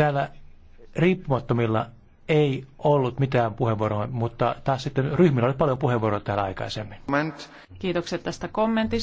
Täällä riippumattomilla ei ollut mitään puheenvuoroa, mutta taas sitten ryhmillä oli paljon puheenvuoroja täällä aikaisemmin. Kiitokset tästä kommentista.